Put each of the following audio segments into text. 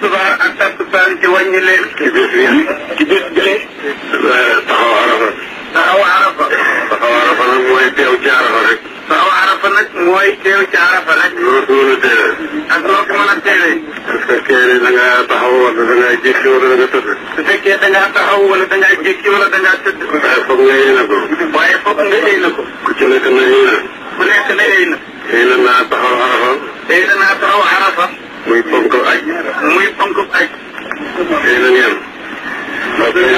subaar ak takkusaan ci wàññi leen. ci bés bi ci bés bi. taxaw arafa. taxaw arafa. taxaw arafa nag mooy teew ci arafa rek. taxaw arafa nag mooy teew ci arafa rek. loolu su mën a teelee. ak loo ko mën a teelee. su fekkee ne da ngaa taxaw wala da ngaa jékki wala da nga tëdd. su fekkee da ngaa taxaw wala da ngaa jékki wala da ngaa tëdd. waaye foog nga yéene ko. waaye foog nga yéene ko. ku ci nekk na yéene.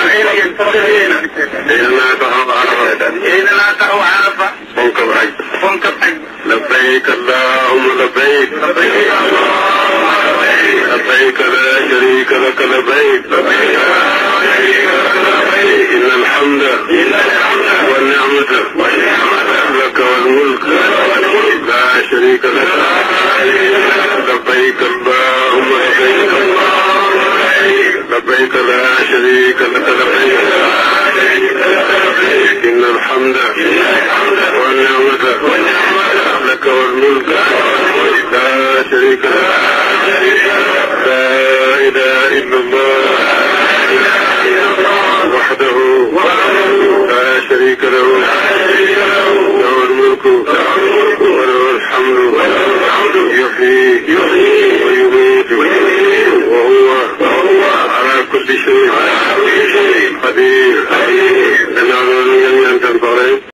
العيد ينتصر هنا إننا تهو عرفة إننا عرفة فانكب حج فانكب حج لبيك اللهم لبيك لبيك اللهم لبيك لبيك لا شريك لك لبيك لبيك لا شريك لك لبيك إن الحمد إن الحمد والنعمة والنعمة لك والملك لا شريك لك لبيك لا شريك لك لبيك إن الحمد والنعمة لك والملك لا شريك لك position